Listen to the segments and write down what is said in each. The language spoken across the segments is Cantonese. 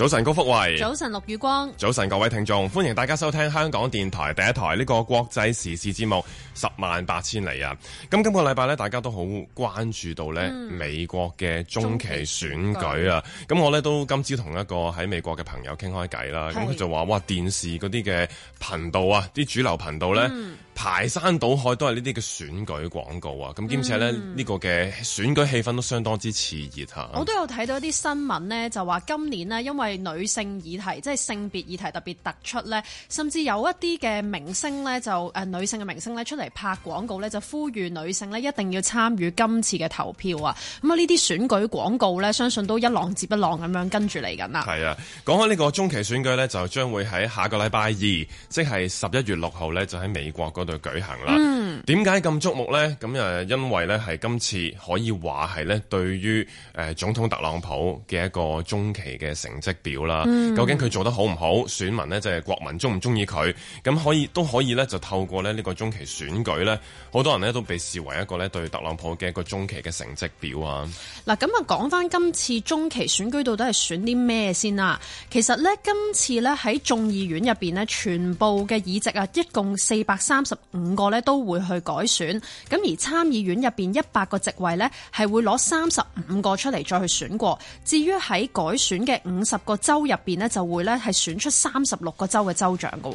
早晨，高福慧。早晨，陸宇光。早晨，各位聽眾，歡迎大家收聽香港電台第一台呢、這個國際時事節目《十萬八千里》啊！咁今個禮拜咧，大家都好關注到咧、嗯、美國嘅中期選舉啊！咁我咧都今朝同一個喺美國嘅朋友傾開偈啦，咁佢就話：哇！電視嗰啲嘅頻道啊，啲主流頻道咧。嗯排山倒海都係呢啲嘅選舉廣告啊！咁兼且咧呢、呢個嘅選舉氣氛都相當之熾熱嚇。我都有睇到一啲新聞呢，就話今年呢，因為女性議題，即係性別議題特別突出呢，甚至有一啲嘅明星呢，就、呃、女性嘅明星呢出嚟拍廣告呢，就呼籲女性呢一定要參與今次嘅投票啊！咁啊呢啲選舉廣告呢，相信都一浪接一浪咁樣跟住嚟緊啦。係啊，講開呢個中期選舉呢，就將會喺下個禮拜二，即係十一月六號呢，就喺美國，嗰度舉行啦，嗯。點解咁矚目呢？咁誒，因為呢，係今次可以話係呢對於誒總統特朗普嘅一個中期嘅成績表啦。究竟佢做得好唔好？選民呢，就係國民鍾唔鍾意佢？咁可以都可以呢，就透過呢呢個中期選舉呢，好多人呢，都被視為一個呢對特朗普嘅一個中期嘅成績表啊。嗱、嗯，咁啊講翻今次中期選舉到底係選啲咩先啦？其實呢，今次呢，喺眾議院入邊呢，全部嘅議席啊，一共四百三十五個呢，都會。去改選，咁而參議院入邊一百個席位呢係會攞三十五個出嚟，再去選過。至於喺改選嘅五十個州入邊呢，就會呢係選出三十六個州嘅州長噶。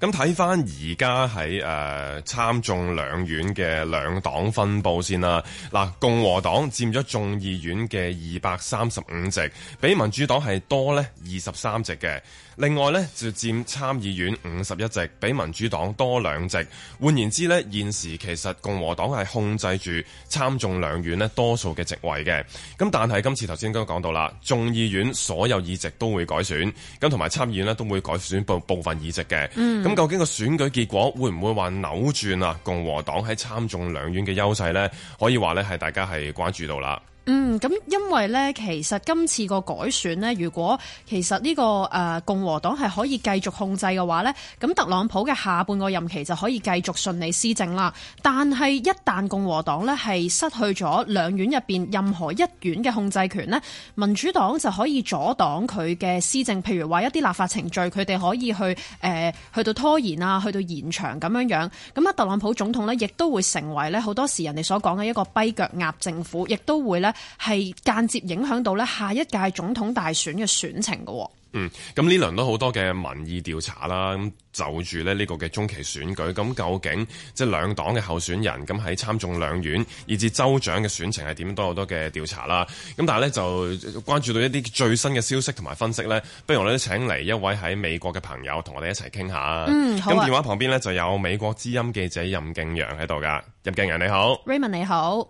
咁睇翻而家喺誒參眾兩院嘅兩黨分佈先啦。嗱，共和黨佔咗眾議院嘅二百三十五席，比民主黨係多呢二十三席嘅。另外咧就佔參議院五十一席，比民主黨多兩席。換言之咧，現時其實共和黨係控制住參眾兩院多數嘅席位嘅。咁但係今次頭先都剛講到啦，眾議院所有議席都會改選，咁同埋參議院都會改選部部分議席嘅。咁、嗯、究竟個選舉結果會唔會話扭轉啊共和黨喺參眾兩院嘅優勢呢，可以話咧係大家係關注到啦。嗯，咁因為呢，其實今次個改選呢，如果其實呢、呢個誒、呃、共和黨係可以繼續控制嘅話呢，咁特朗普嘅下半個任期就可以繼續順利施政啦。但係一旦共和黨呢係失去咗兩院入面任何一院嘅控制權呢，民主黨就可以阻擋佢嘅施政，譬如話一啲立法程序，佢哋可以去誒、呃、去到拖延啊，去到延長咁樣樣。咁啊，特朗普總統呢亦都會成為呢好多時人哋所講嘅一個跛腳鴨政府，亦都會呢。係間接影響到咧下一屆總統大選嘅選情噶、哦。嗯，咁呢輪都好多嘅民意調查啦，咁就住咧呢個嘅中期選舉，咁究竟即係兩黨嘅候選人，咁喺參眾兩院，以至州長嘅選情係點？多好多嘅調查啦。咁但係咧就關注到一啲最新嘅消息同埋分析咧，不如我哋請嚟一位喺美國嘅朋友同我哋一齊傾下。嗯，好、啊。咁電話旁邊呢，就有美國之音記者任敬揚喺度噶。任敬揚你好，Raymond 你好。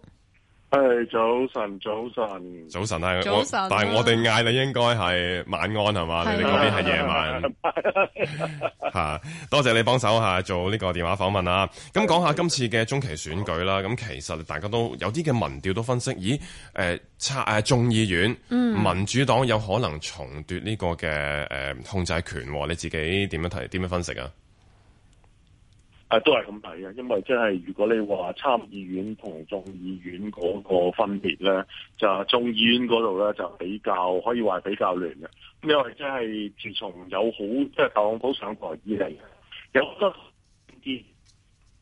係早晨，早晨，早晨，早晨啊！我但係我哋嗌，你應該係晚安係嘛？啊、你哋嗰邊係夜晚吓， 多謝你幫手吓，做呢個電話訪問啦。咁講下今次嘅中期選舉啦。咁的其實大家都有啲嘅民調都分析，咦？誒、呃，拆誒眾議院，嗯、民主黨有可能重奪呢個嘅誒控制權。你自己點樣睇？點樣分析啊？誒都係咁睇嘅，因為即係如果你話參議院同眾議院嗰個分別咧，就係眾議院嗰度咧就比較可以話比較亂嘅。因為即係自從有好即係特朗普上台以嚟，有得啲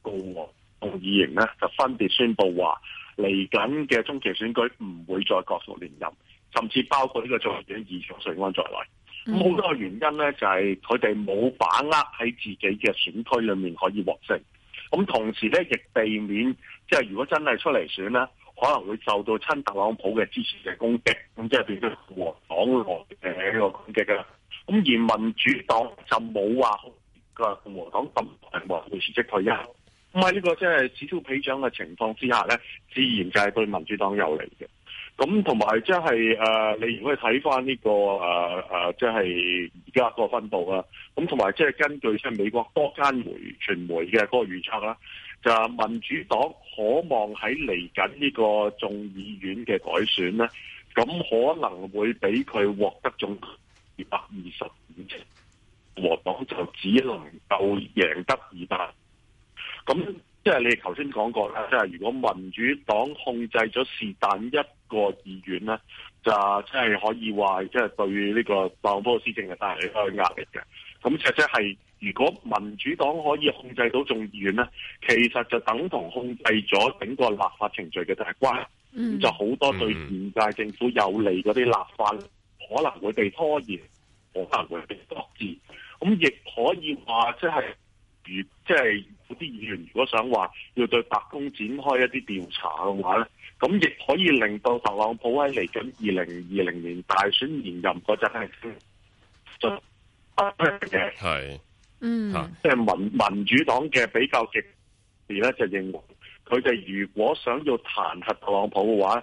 共和同議員咧就分別宣佈話，嚟緊嘅中期選舉唔會再角逐連任，甚至包括呢個眾議院議長瑞安在內。好、嗯、多原因咧，就係佢哋冇把握喺自己嘅選區裏面可以獲勝。咁同時咧，亦避免即係、就是、如果真係出嚟選咧，可能會受到親特朗普嘅支持嘅攻擊，咁即係變咗共和黨內嘅呢個攻擊啦。咁而民主黨就冇話個共和黨咁平和去辭退人，唔係呢個即係此消彼長嘅情況之下咧，自然就係對民主黨有利嘅。咁同埋即係誒，你如果睇翻呢個誒誒，即係而家嗰個分布啊，咁同埋即係根據即係美國多間媒傳媒嘅嗰個預測啦，就係、民主黨可望喺嚟緊呢個眾議院嘅改選咧，咁可能會俾佢獲得眾二百二十五席，共和黨就只能夠贏得二百咁。即係你頭先講過啦，即係如果民主黨控制咗是但一個議院咧，就即係可以話，即係對呢個鮑波斯政嘅帶嚟一個壓力嘅。咁實質係如果民主黨可以控制到眾議院咧，其實就等同控制咗整個立法程序嘅大關，咁、mm -hmm. 就好多對現屆政府有利嗰啲立法可能會被拖延，可能會被擱置，咁亦可以話即係。如即係嗰啲議員，如果想話要對白宮展開一啲調查嘅話咧，咁亦可以令到特朗普喺嚟緊二零二零年大選連任嗰陣係進壓力嘅，係嗯，即係民民主黨嘅比較極士咧就認為，佢哋如果想要彈劾特朗普嘅話，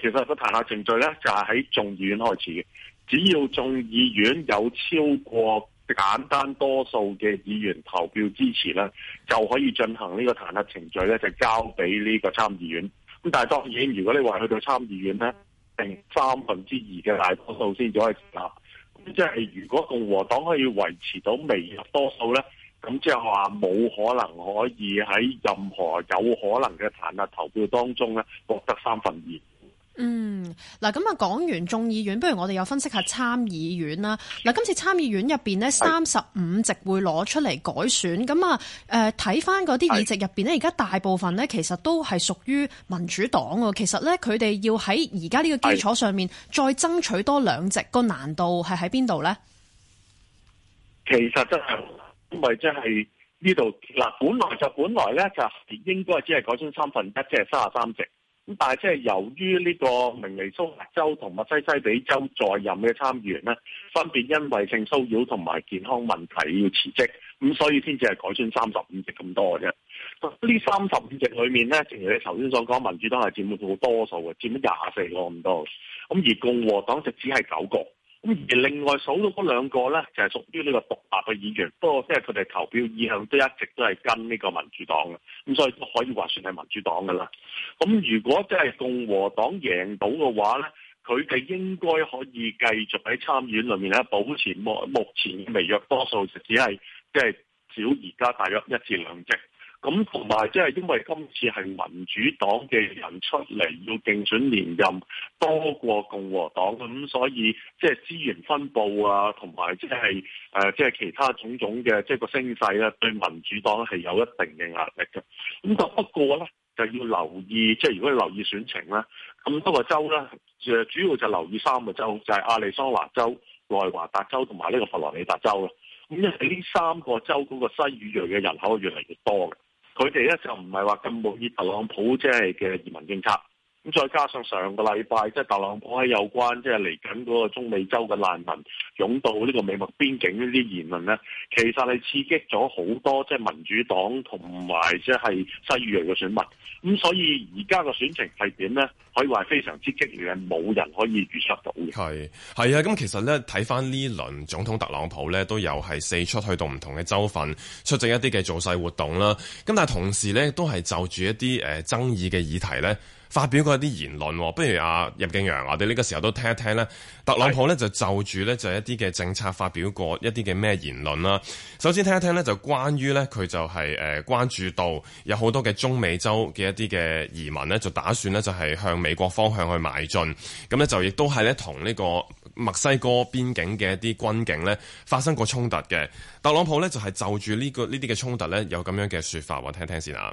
其實個彈劾程序咧就係喺眾議院開始嘅，只要眾議院有超過。簡單多數嘅議員投票支持咧，就可以進行呢個彈劾程序咧，就交俾呢個參議院。咁但係當然，如果你話去到參議院咧，定三分之二嘅大多數先可以啊。咁即係如果共和黨可以維持到微入多數咧，咁即係話冇可能可以喺任何有可能嘅彈劾投票當中咧獲得三分二。嗯，嗱咁啊，講完眾議院，不如我哋又分析下參議院啦。嗱，今次參議院入邊呢，三十五席會攞出嚟改選，咁、呃、啊，誒，睇翻，嗰啲議席入邊呢，而家大部分呢，其實都係屬於民主黨。其實呢，佢哋要喺而家呢個基礎上面再爭取多兩席，個難度係喺邊度呢？其實真、就、係、是、因為真係呢度嗱，本來就本來呢，就應該只係改增三分一，即係三十三席。咁但係即係由於呢個明尼蘇達州同密西西比州在任嘅參議員呢，分別因為性騷擾同埋健康問題要辭職，咁所以先至係改選三十五席咁多嘅啫。呢三十五席裏面呢，正如你頭先所講，民主黨係佔到好多數嘅，佔咗廿四個咁多，咁而共和黨就只係九個。咁而另外數到嗰兩個咧，就係、是、屬於呢個獨立嘅議員，不過即係佢哋投票意向都一直都係跟呢個民主黨嘅，咁所以都可以話算係民主黨㗎啦。咁如果即係共和黨贏到嘅話咧，佢哋應該可以繼續喺參院裏面咧，保持目目前嘅微弱多數、就是，就只係即係少而家大約一至兩席。咁同埋即係因為今次係民主黨嘅人出嚟要競選連任多過共和黨咁，所以即係資源分佈啊，同埋即係誒即係其他種種嘅即係個聲勢啦，對民主黨係有一定嘅壓力嘅。咁不過咧就要留意，即係如果你留意選情啦，咁多個州咧誒主要就留意三個州，就係亞利桑那州、內華達州同埋呢個佛羅里達州。咁因為呢三個州嗰個西語裔嘅人口越嚟越多嘅。佢哋咧就唔係話咁熱衷投向普即係嘅移民政策。咁再加上上個禮拜即係特朗普喺有關即係嚟緊嗰個中美洲嘅難民湧到呢個美墨邊境呢啲言論呢，其實係刺激咗好多即係民主黨同埋即係西裔嘅選民。咁所以而家個選情係點呢？可以話係非常之激烈，冇人可以預測到嘅。係係啊，咁其實咧睇翻呢輪總統特朗普咧，都有係四出去到唔同嘅州份，出席一啲嘅造勢活動啦。咁但係同時咧，都係就住一啲誒、呃、爭議嘅議題咧，發表過一啲言論，不如阿任敬揚，我哋呢個時候都聽一聽咧。特朗普咧就就住咧就一啲嘅政策發表過一啲嘅咩言論啦。首先聽一聽咧，就關於咧佢就係誒關注到有好多嘅中美洲嘅一啲嘅移民咧，就打算咧就係向美國方向去邁進。咁咧就亦都係咧同呢個墨西哥邊境嘅一啲軍警咧發生過衝突嘅。特朗普咧就係就住呢個呢啲嘅衝突咧有咁樣嘅說法，我聽一聽先啊。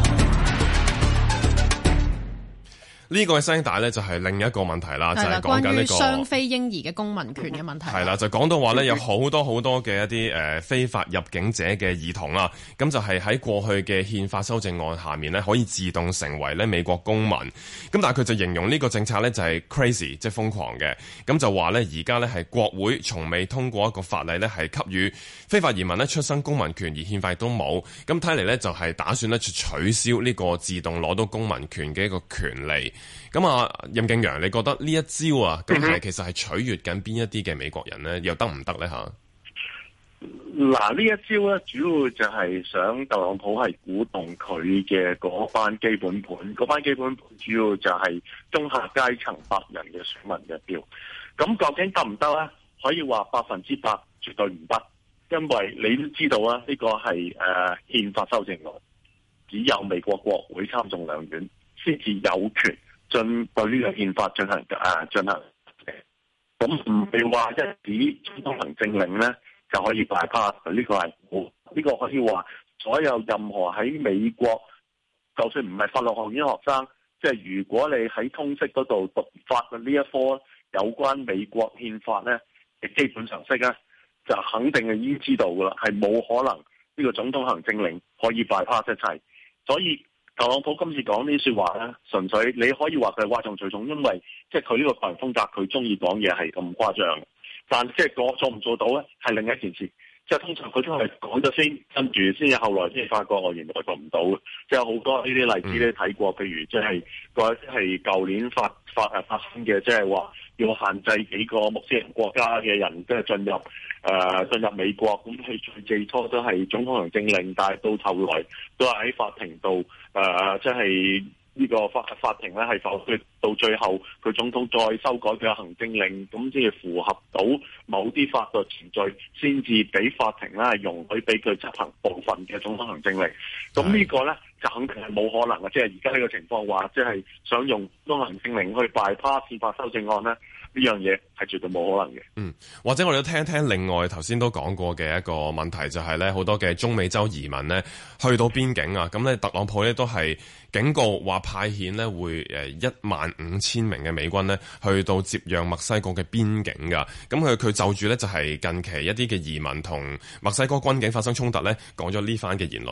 呢、這個嘅聲帶咧就係另一個問題啦，就係講緊呢個。關於雙非嬰兒嘅公民權嘅問題。係、嗯、啦、嗯，就講到話咧，有好多好多嘅一啲非法入境者嘅兒童啦，咁就係喺過去嘅憲法修正案下面呢，可以自動成為咧美國公民。咁但係佢就形容呢個政策呢，就係 crazy，即係瘋狂嘅。咁就話呢，而家呢，係國會從未通過一個法例呢，係給予非法移民呢出生公民權而憲法都冇。咁睇嚟呢，就係打算呢，取消呢個自動攞到公民權嘅一個權利。咁啊，任敬揚，你覺得呢一招啊，咁係其實係取悦緊邊一啲嘅美國人咧，又得唔得咧？吓，嗱，呢一招咧，主要就係想特朗普係鼓動佢嘅嗰班基本盤，嗰班基本盤主要就係中下階層白人嘅選民嘅票。咁究竟得唔得咧？可以話百分之百絕對唔得，因為你都知道啊，呢個係誒憲法修正案，只有美國國會參眾兩院先至有權。進對呢個憲法進行誒、啊、進行，咁唔係話一紙總統行政令呢就可以敗趴，呢、這個係冇，呢、哦這個可以話所有任何喺美國，就算唔係法律學院學生，即、就、係、是、如果你喺通識嗰度讀法嘅呢一科有關美國憲法呢，嘅基本常識呢就肯定係已經知道噶啦，係冇可能呢個總統行政令可以敗趴一齊，所以。特朗普今次講呢啲説話咧，純粹你可以話佢係嘩眾取寵，因為即係佢呢個個人風格，佢中意講嘢係咁誇張。但即係做唔做到咧，係另一件事。即係通常佢都係講咗先，跟住先至後來先發覺我原來做唔到嘅。即係好多呢啲例子咧睇過，譬如即係個即舊年發發誒發,發生嘅，即係話要限制幾個穆斯林國家嘅人即係進入。誒、呃，進入美國，咁佢最，最初都係總統行政令，但係到後來都係喺法庭度，誒、呃，即係呢個法法庭咧係否決到最後，佢總統再修改佢嘅行政令，咁即係符合到某啲法律程序，先至俾法庭咧容許俾佢執行部分嘅總統行政令。咁呢個咧就肯定係冇可能嘅，即係而家呢個情況話，即、就、係、是、想用總統行政令去敗趴憲法修正案咧。呢樣嘢係絕對冇可能嘅。嗯，或者我哋都聽一聽另外頭先都講過嘅一個問題，就係咧好多嘅中美洲移民咧去到邊境啊，咁咧特朗普咧都係警告話派遣咧會誒一萬五千名嘅美軍咧去到接壤墨西哥嘅邊境噶。咁佢佢就住咧就係、是、近期一啲嘅移民同墨西哥軍警發生衝突咧，講咗呢番嘅言論。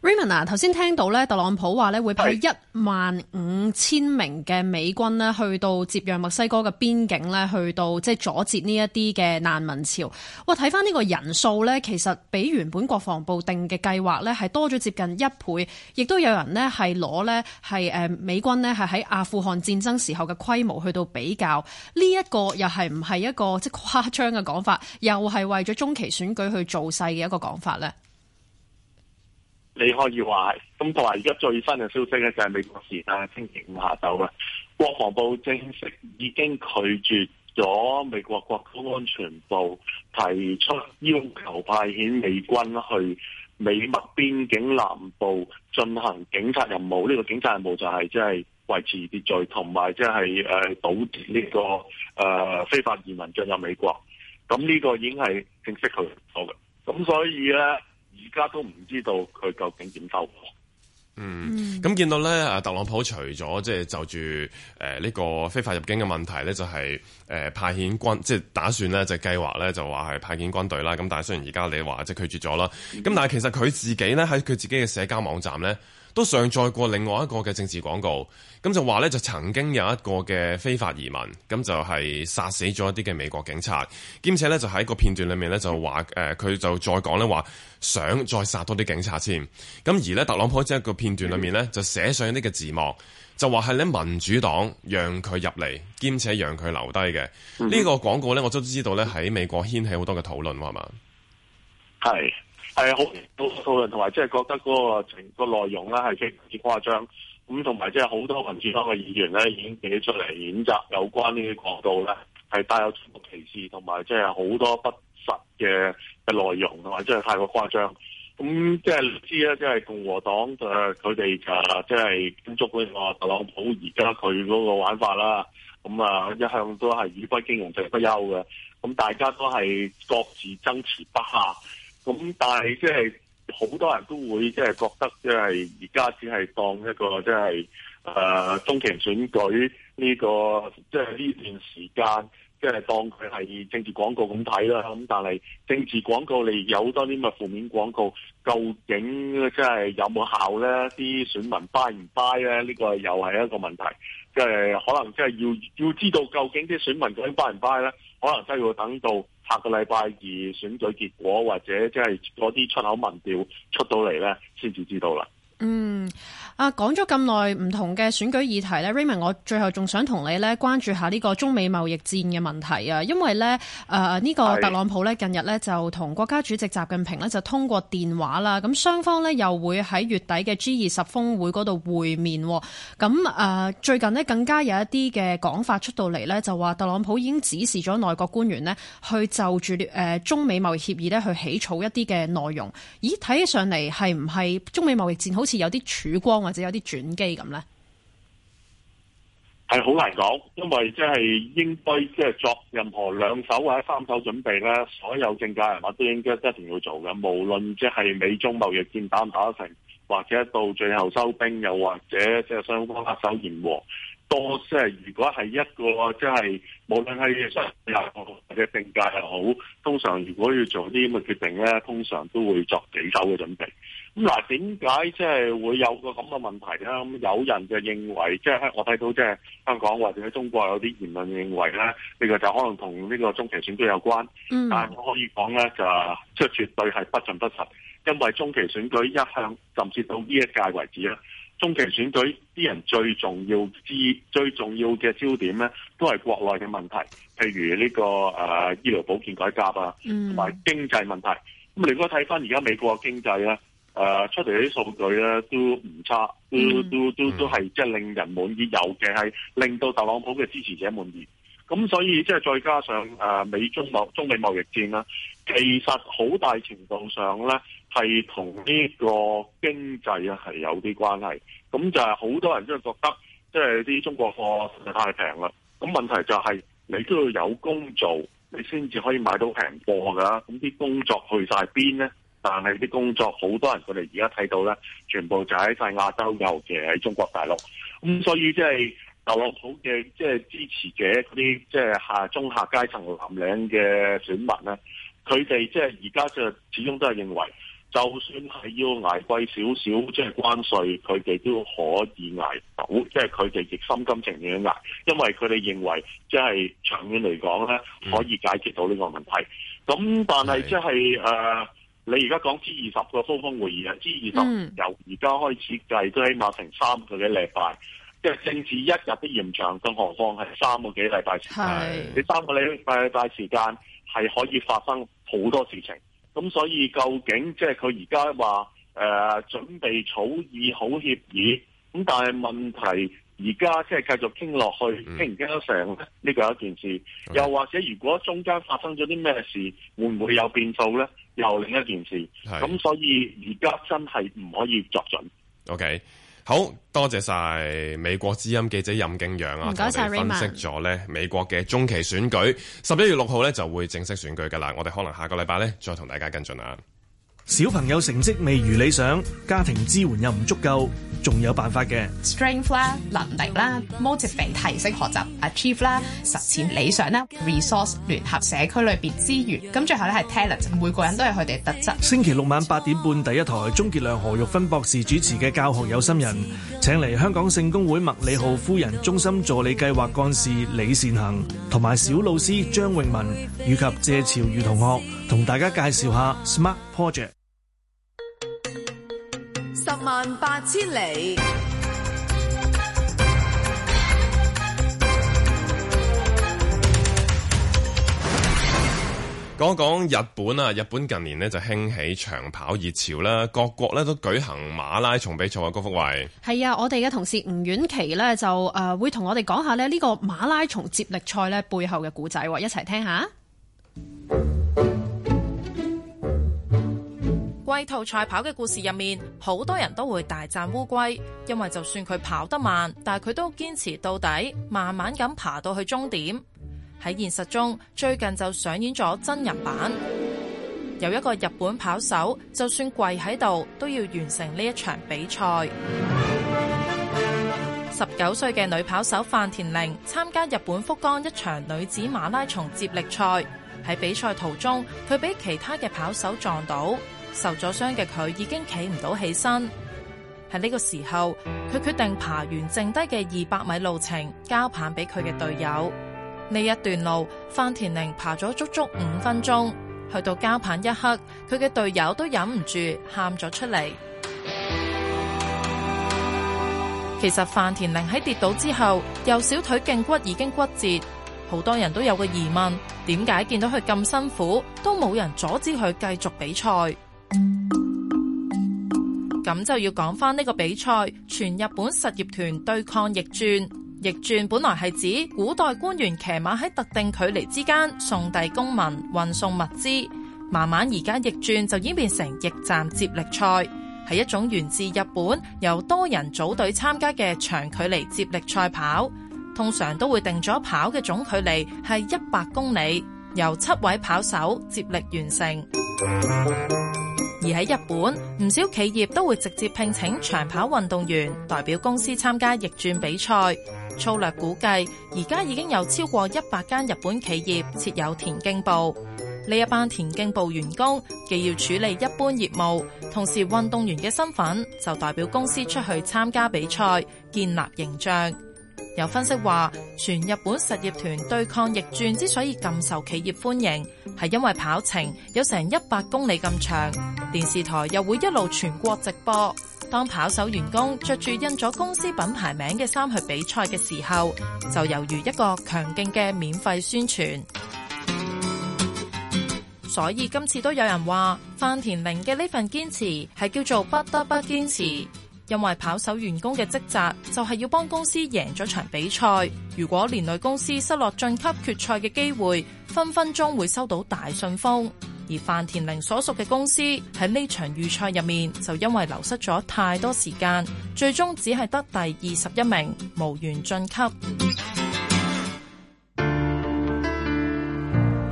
Raymond 啊，頭先聽到咧，特朗普話咧會派一萬五千名嘅美軍呢去到接壤墨西哥嘅邊境咧，去到即係阻截呢一啲嘅難民潮。哇，睇翻呢個人數咧，其實比原本國防部定嘅計劃咧係多咗接近一倍，亦都有人呢係攞呢，係誒美軍呢係喺阿富汗戰爭時候嘅規模去到比較。呢一個又係唔係一個即係誇張嘅講法，又係為咗中期選舉去做勢嘅一個講法咧？你可以話係，咁同埋而家最新嘅消息咧，就係美國時間星期五下晝啊，國防部正式已經拒絕咗美國國土安全部提出要求派遣美軍去美墨邊境南部進行警察任務。呢個警察任務就係即係維持秩序同埋即係誒堵截呢個誒、呃、非法移民進入美國。咁呢個已經係正式去到嘅。咁所以咧。而家都唔知道佢究竟點收？嗯，咁見到咧，特朗普除咗即係就住誒呢個非法入境嘅問題咧，就係、是、誒、呃、派遣軍，即係打算咧，就計劃咧，就話係派遣軍隊啦。咁但係雖然而家你話即係拒絕咗啦，咁、嗯、但係其實佢自己咧喺佢自己嘅社交網站咧，都上載過另外一個嘅政治廣告，咁就話呢，就曾經有一個嘅非法移民，咁就係殺死咗一啲嘅美國警察，兼且呢，就喺個片段裏面呢，就話，誒佢就再講呢話想再殺多啲警察先，咁而呢，特朗普喺一個片段裏面呢，就寫、呃、上一啲嘅字幕，就話係呢民主黨讓佢入嚟，兼且讓佢留低嘅呢個廣告呢，我都知道呢，喺美國掀起好多嘅討論，係嘛？係。係好討論，同埋即係覺得嗰個情內容咧係極極誇張，咁同埋即係好多民主黨嘅議員咧已經寫出嚟譴責有關呢啲角度咧係帶有歧視，同埋即係好多不實嘅嘅內容，同埋即係太過誇張。咁即係知咧，即係共和黨佢哋就即係跟足呢個特朗普而家佢嗰個玩法啦。咁啊一向都係以不融人不休嘅，咁大家都係各自爭持不下。咁但係即係好多人都會即係覺得即係而家只係當一個即係誒中期選舉呢個即係呢段時間，即係當佢係政治廣告咁睇啦。咁但係政治廣告嚟有多啲咁嘅負面廣告，究竟即係有冇效咧？啲選民 buy 唔 buy 咧？呢個又係一個問題，即係可能即係要要知道究竟啲選民究竟 buy 唔 buy 咧？可能真係要等到下個禮拜二選舉結果，或者即係 𠮶 啲出口民調出到嚟咧，先至知道啦。嗯。啊，講咗咁耐唔同嘅選舉議題呢 Raymond 我最後仲想同你呢關注下呢個中美貿易戰嘅問題啊，因為呢誒呢個特朗普呢近日呢就同國家主席習近平呢就通過電話啦，咁雙方呢又會喺月底嘅 G 二十峰會嗰度會面，咁、呃、誒最近呢更加有一啲嘅講法出到嚟呢，就話特朗普已經指示咗內閣官員呢去就住誒中美貿易協議呢去起草一啲嘅內容，咦，睇起上嚟係唔係中美貿易戰好似有啲曙光啊？或者有啲轉機咁呢，係好難講，因為即係應該即係作任何兩手或者三手準備呢，所有政界人物都應該一定要做嘅。無論即係美中貿易戰打唔打得成，或者到最後收兵，又或者即係雙方握手言和，多即係如果係一個即係無論係雙邊又好或者政界又好，通常如果要做啲咁嘅決定呢，通常都會作幾手嘅準備。咁、啊、嗱，點解即係會有個咁嘅問題咧？咁有人就認為，即係我睇到即係香港或者中國有啲言論認為咧，呢個就可能同呢個中期選舉有關。但係我可以講咧，就即係絕對係不盡不實，因為中期選舉一向甚至到呢一屆為止咧，中期選舉啲人最重要之最重要嘅焦點咧，都係國內嘅問題，譬如呢個誒、啊、醫療保健改革啊，同埋經濟問題。咁你如果睇翻而家美國嘅經濟咧？誒、呃、出嚟啲數據咧都唔差，都都都都係即係令人滿意，尤其係令到特朗普嘅支持者滿意。咁所以即係、就是、再加上誒、呃、美中貿中美貿易戰啦，其實好大程度上咧係同呢個經濟咧係有啲關係。咁就係好多人都覺得即係啲中國貨實在太平啦。咁問題就係你都要有工做，你先至可以買到平貨㗎。咁啲工作去晒邊咧？但係啲工作好多人，佢哋而家睇到咧，全部就喺晒亞洲，尤其喺中國大陸。咁所以即係特朗普嘅即係支持者嗰啲，即係下中下階層藍領嘅選民咧，佢哋即係而家就始終都係認為，就算係要挨貴少少，即係關稅，佢哋都可以挨到，即係佢哋亦心甘情願挨，因為佢哋認為即係長遠嚟講咧，可以解決到呢個問題。咁、嗯、但係即係誒。你而家講 G 二十個高峰會議啊，G 二十由而家開始計都起碼成三個幾禮拜，即係政治一日都嫌長，更何況係三個幾禮拜時間。你三個禮拜禮拜時間係可以發生好多事情。咁所以究竟即係佢而家話誒準備草擬好協議，咁但係問題，而家即係繼續傾落去，傾唔傾得成？呢個係一件事。Okay. 又或者如果中間發生咗啲咩事，會唔會有變數咧？又另一件事。咁所以而家真係唔可以作準。OK，好多謝晒美國之音記者任敬揚啊，同我哋分析咗咧美國嘅中期選舉，十一月六號咧就會正式選舉噶啦。我哋可能下個禮拜咧再同大家跟進啦。小朋友成績未如理想，家庭支援又唔足夠，仲有辦法嘅。strength 啦，能力啦，motivating 提升學習，achieve 啦，實踐理想啦，resource 聯合社區裏邊資源，咁最後咧係 talent，每個人都係佢哋嘅特質。星期六晚八點半第一台，鍾杰良、何玉芬博士主持嘅教學有心人，請嚟香港聖公會麥理浩夫人中心助理計劃幹事李善行，同埋小老師張永文，以及謝朝如同學，同大家介紹下 Smart Project。萬八千里。講講日本啊，日本近年呢就興起長跑熱潮啦，各國呢都舉行馬拉松比賽。高福偉，係啊，我哋嘅同事吳沅琪呢就誒、呃、會同我哋講下呢個馬拉松接力賽呢背後嘅故仔，一齊聽一下。 龜兔賽跑嘅故事入面，好多人都會大讚烏龜，因為就算佢跑得慢，但係佢都堅持到底，慢慢咁爬到去終點。喺現實中，最近就上演咗真人版，有一個日本跑手，就算跪喺度都要完成呢一場比賽。十九歲嘅女跑手范田玲參加日本福岡一場女子馬拉松接力賽，喺比賽途中，佢俾其他嘅跑手撞到。受咗傷嘅佢已經企唔到起身，喺呢個時候，佢決定爬完剩低嘅二百米路程，交棒俾佢嘅隊友。呢一段路，范田玲爬咗足足五分鐘，去到交棒一刻，佢嘅隊友都忍唔住喊咗出嚟。其實范田玲喺跌倒之後，右小腿脛骨已經骨折，好多人都有個疑問：點解見到佢咁辛苦，都冇人阻止佢繼續比賽？咁就要講返呢個比賽，全日本實業團對抗驛傳。驛傳本來係指古代官員騎馬喺特定距離之間送遞公民、運送物資。慢慢而家驛傳就已經變成驛站接力賽，係一種源自日本由多人組隊參加嘅長距離接力賽跑，通常都會定咗跑嘅總距離係一百公里，由七位跑手接力完成。而喺日本，唔少企業都會直接聘請長跑運動員代表公司參加逆轉比賽。粗略估計，而家已經有超過一百間日本企業設有田徑部。呢一班田徑部員工既要處理一般業務，同時運動員嘅身份就代表公司出去參加比賽，建立形象。有分析話，全日本實業團對抗逆轉之所以咁受企業歡迎，係因為跑程，有成一百公里咁長，電視台又會一路全國直播。當跑手員工，着住印咗公司品牌名嘅衫去比賽嘅時候，就猶如一個強勁嘅免費宣傳。所以今次都有人話，飯田玲嘅呢份堅持係叫做不得不堅持。因為跑手員工嘅職責就係要幫公司贏咗場比賽，如果連累公司失落晉級決賽嘅機會，分分鐘會收到大信封。而飯田玲所屬嘅公司喺呢場預賽入面就因為流失咗太多時間，最終只係得第二十一名，無緣晉級。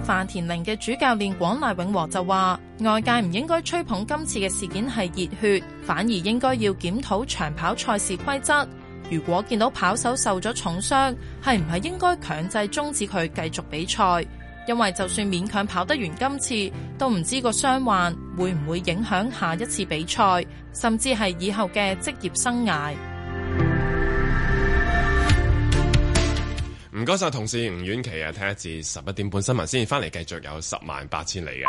范田玲嘅主教練廣瀨永和就話：外界唔應該吹捧今次嘅事件係熱血，反而應該要檢討長跑賽事規則。如果見到跑手受咗重傷，係唔係應該強制終止佢繼續比賽？因為就算勉強跑得完今次，都唔知個傷患會唔會影響下一次比賽，甚至係以後嘅職業生涯。唔該晒，同事吳沅琪啊，聽一節十一點半新聞先，翻嚟繼續有十萬八千里啊。